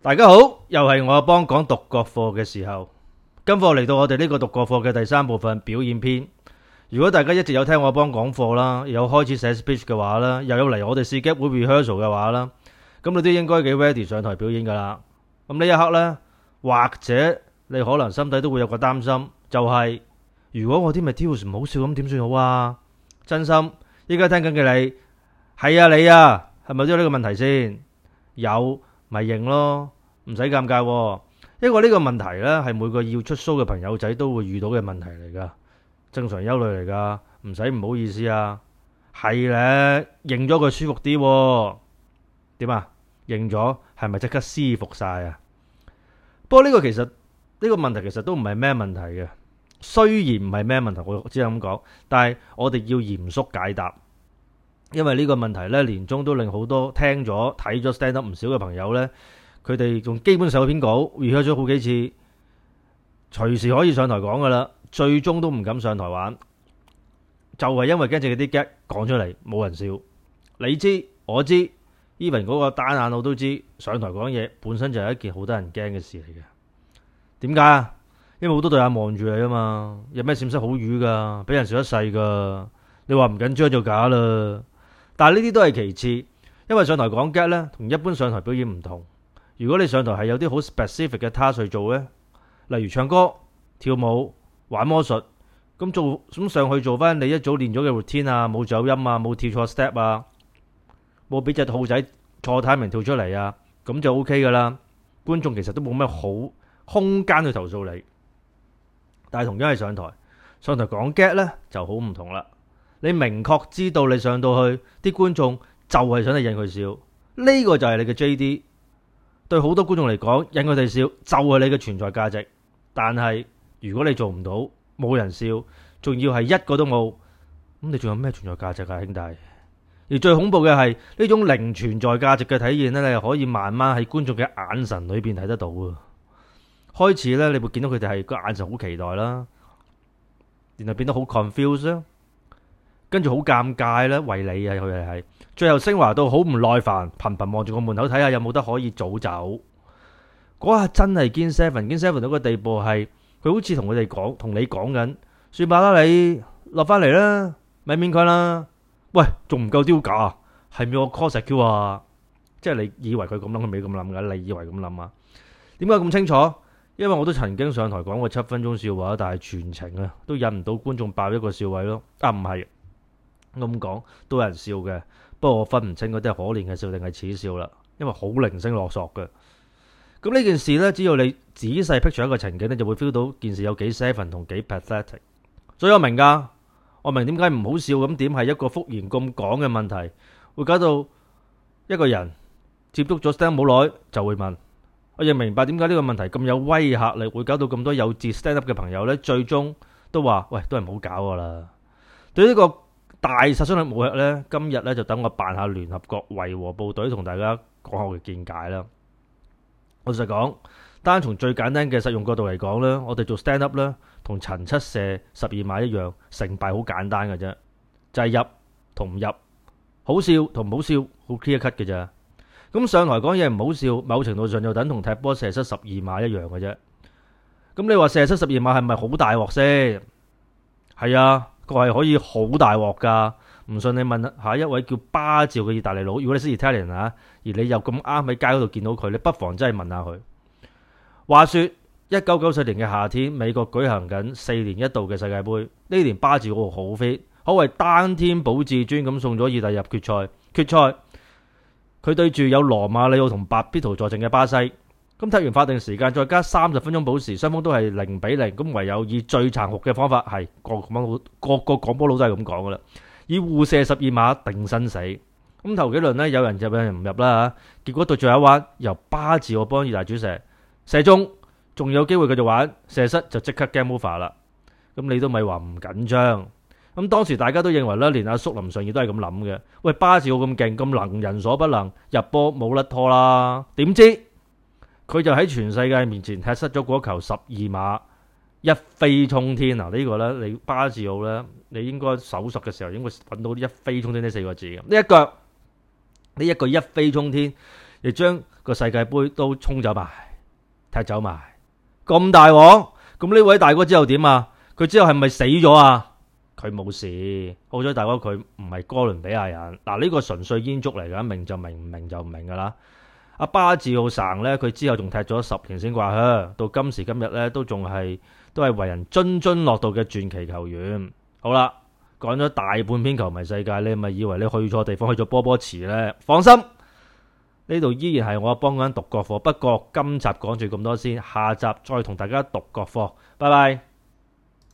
大家好，又係我幫講獨角課嘅時候，今課嚟到我哋呢個獨角課嘅第三部分表演篇。如果大家一直有聽我幫講課啦，有開始寫 speech 嘅話啦，又有嚟我哋試 get 會 re rehearsal 嘅話啦，咁你都應該幾 ready 上台表演㗎喇。咁呢一刻呢，或者你可能心底都會有個擔心，就係、是、如果我啲 material 唔好笑咁點算好啊？真心依家聽緊嘅你係啊你啊，係咪都有呢個問題先有？咪認咯，唔使尷尬。因為呢個問題咧，係每個要出 show 嘅朋友仔都會遇到嘅問題嚟噶，正常憂慮嚟噶，唔使唔好意思啊。係咧，認咗佢舒服啲。點啊？認咗係咪即刻舒服晒啊？不過呢個其實呢個問題其實都唔係咩問題嘅，雖然唔係咩問題，我只係咁講，但係我哋要嚴肅解答。因為呢個問題呢，年中都令好多聽咗睇咗 stand up 唔少嘅朋友呢，佢哋仲，基本上篇稿，預約咗好幾次，隨時可以上台講噶啦，最終都唔敢上台玩，嗯、就係因為驚只嗰啲 gag 講出嚟冇人笑。你知我知，Even 嗰個單眼佬都知，上台講嘢本身就係一件好得人驚嘅事嚟嘅。點解啊？因為好多對眼望住你啊嘛，有咩閃失好瘀噶，俾人笑一世噶。你話唔緊張就假啦。但係呢啲都係其次，因為上台講 gag 咧，同一般上台表演唔同。如果你上台係有啲好 specific 嘅 task 去做咧，例如唱歌、跳舞、玩魔術，咁做咁上去做翻你一早練咗嘅 routine 啊，冇走音啊，冇跳錯 step 啊，冇俾隻兔仔錯太明跳出嚟啊，咁就 OK 㗎啦。觀眾其實都冇咩好空間去投訴你。但係同樣係上台，上台講 gag 咧就好唔同啦。你明確知道你上到去啲，觀眾就係想你引佢笑，呢個就係你嘅 J.D. 對好多觀眾嚟講，引佢哋笑就係你嘅存在價值。但係如果你做唔到，冇人笑，仲要係一個都冇，咁你仲有咩存在價值啊，兄弟？而最恐怖嘅係呢種零存在價值嘅體驗咧，你可以慢慢喺觀眾嘅眼神裏邊睇得到。啊。開始咧，你會見到佢哋係個眼神好期待啦，然後變得好 confused。跟住好尷尬啦，為你啊佢哋係最後升華到好唔耐煩，頻頻望住個門口睇下有冇得可以早走。嗰下真係見 seven，見 seven 到個地步係佢好似同佢哋講，同你講緊，算吧啦，你落翻嚟啦，咪免佢啦。喂，仲唔夠丟架啊？係咪我 call 石 Q 啊？即係你以為佢咁諗，佢未咁諗噶？你以為咁諗啊？點解咁清楚？因為我都曾經上台講過七分鐘笑話，但係全程啊都引唔到觀眾爆一個笑位咯。啊，唔係。咁講都有人笑嘅，不過我分唔清嗰啲係可憐嘅笑定係恥笑啦，因為好零星落索嘅。咁呢件事咧，只要你仔細撇除一個情景咧，就會 feel 到件事有幾 seven 同幾 pathetic。所以我明噶，我明點解唔好笑咁點係一個復原咁廣嘅問題，會搞到一個人接觸咗 stand up 冇耐就會問。我亦明白點解呢個問題咁有威吓力，會搞到咁多有志 stand up 嘅朋友咧，最終都話喂，都係唔好搞噶啦。對呢個。大殺傷力冇若呢。今日呢，就等我扮下聯合國維和部隊同大家講下我嘅見解啦。老實講，單從最簡單嘅實用角度嚟講呢，我哋做 stand up 呢，同陳七射十二碼一樣，成敗好簡單嘅啫，就係入同唔入，好笑同唔好笑，好 clear cut 嘅啫。咁上嚟講嘢唔好笑，某程度上就等同踢波射失十二碼一樣嘅啫。咁你話射失十二碼係咪好大鑊先？係啊。個係可以好大鑊噶，唔信你問下一位叫巴照嘅意大利佬。如果你識 Italian 啊，而你又咁啱喺街嗰度見到佢，你不妨真係問下佢。話說一九九四年嘅夏天，美國舉行緊四年一度嘅世界盃。呢年巴照好飛，可謂單天保至尊咁送咗意大利入決賽。決賽佢對住有羅馬里奧同白必圖坐陣嘅巴西。咁踢完法定時間，再加三十分鐘保時，雙方都係零比零。咁唯有以最殘酷嘅方法係各講波各個講波佬都係咁講㗎喇。以互射十二碼定生死。咁頭幾輪呢，有人入有人唔入啦嚇。結果到最後一彎，由巴治奧幫意大利主射射中，仲有機會繼續玩射失就即刻 game over 啦。咁你都咪話唔緊張。咁當時大家都認為呢，連阿叔林尚義都係咁諗嘅。喂，巴治奧咁勁咁能人所不能入波冇甩拖啦，點知？佢就喺全世界面前踢失咗嗰球十二碼，一飛衝天啊！嗱、呢個咧，你巴治奧咧，你應該搜索嘅時候應該揾到啲一飛衝天呢四個字，呢一腳，呢一個一飛衝天，你將個世界杯都衝走埋，踢走埋，咁大鑊，咁呢位大哥之後點啊？佢之後係咪死咗啊？佢冇事，好彩大哥佢唔係哥倫比亞人，嗱、這、呢個純粹煙足嚟噶，明就明，唔明就唔明噶啦。阿巴治奧神呢，佢之後仲踢咗十年先掛靴，到今時今日呢都仲係都係為人津津樂道嘅傳奇球員。好啦，講咗大半篇球迷世界，你係咪以為你去錯地方去咗波波池呢？放心，呢度依然係我幫緊獨角課。不過今集講住咁多先，下集再同大家獨角課。拜拜。